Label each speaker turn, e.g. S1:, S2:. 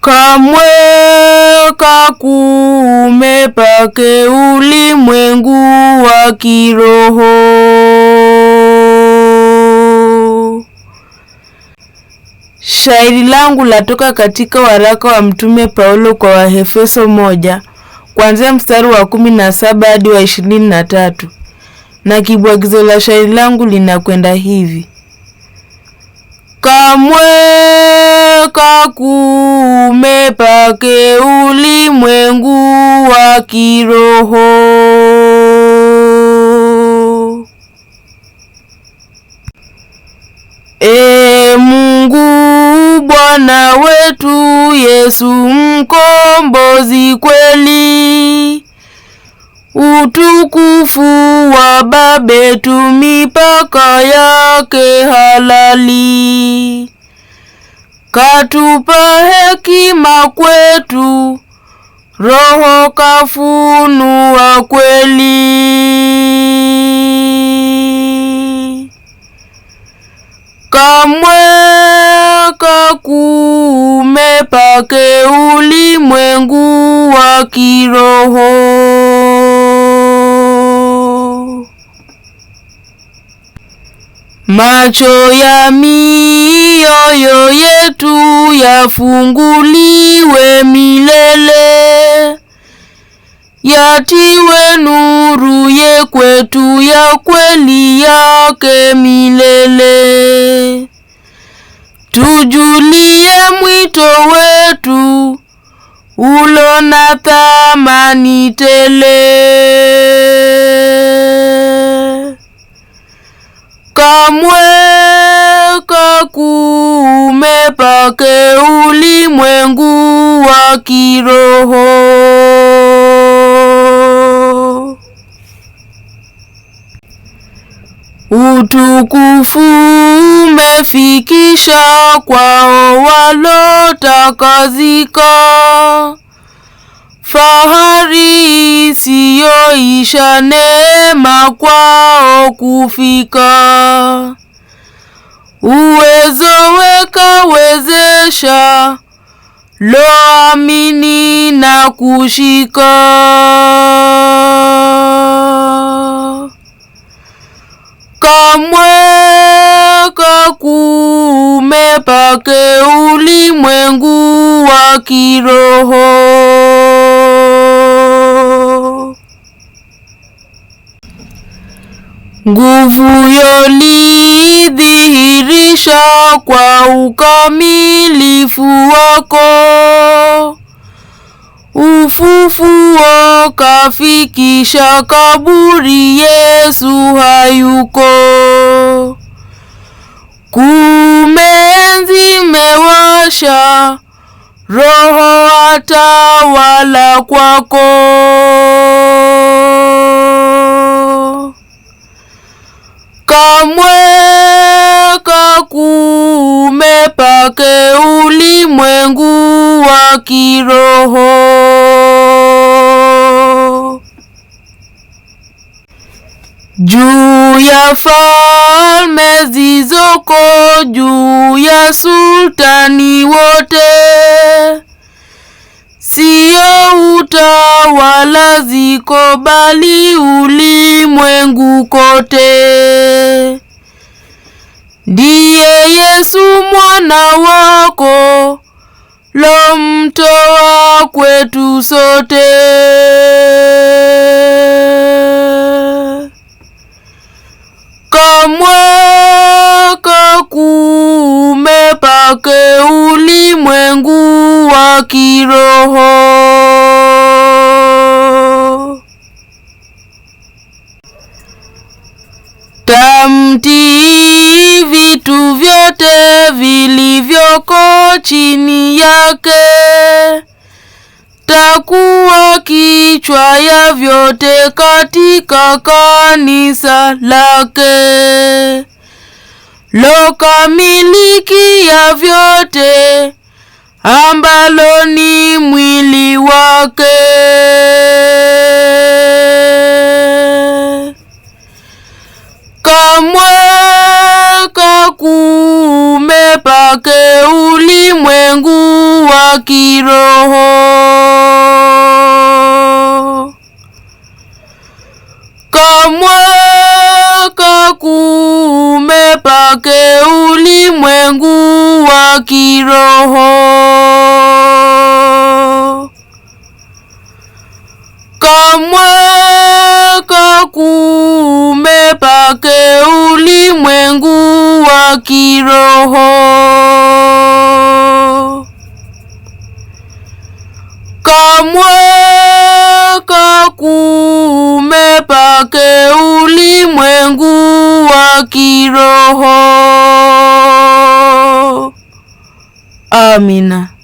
S1: Kamwe kakuume pake ulimwengu wa kiroho. Shairi langu latoka katika waraka wa Mtume Paulo kwa Waefeso moja kuanzia mstari wa kumi na saba hadi wa ishirini na tatu na kibwagizo la shairi langu linakwenda hivi: Kamweka kuume pake ulimwengu wa kiroho. E Mungu Bwana wetu Yesu mkombozi kweli Utukufu wa Babetu, mipaka yake halali. Katupa hekima kwetu, Roho kafunua kweli. Kamwe kakuume pake, ulimwengu wa kiroho Macho ya mioyo yetu yafunguliwe milele, yatiwe nuru ye kwetu ya kweli yake milele. Tujulie mwito wetu ulo na thamani tele mweka kuume pake ulimwengu wa kiroho. Utukufu umefikisha kwao walotakazika Fahari isiyoisha neema kwao kufika, uwezo wekawezesha loamini na kushika. Kamwe kutoka kuume pake ulimwengu wa kiroho. Nguvu yolidhihirisha kwa ukamilifu wako ufufuo kafikisha kaburi, Yesu hayuko. Kumenzi mewasha, Roho atawala kwako. Kamwe kakume pake ulimwengu wa kiroho Juu ya falme zizoko, juu ya sultani wote, siyo utawala ziko, bali ulimwengu kote. Ndiye Yesu mwana wako, lo mtoa kwetu sote. kuume pake ulimwengu wa kiroho. Tamtii vitu vyote vilivyoko chini yake, takuwa kichwa ya vyote katika kanisa lake lo kamiliki ya vyote ambalo ni mwili wake. Kamwe kakuume pake ulimwengu wa kiroho kiroho kamwaka kume pake ulimwengu wa kiroho kamwaka kume pake ulimwengu wa kiroho Amina. Oh,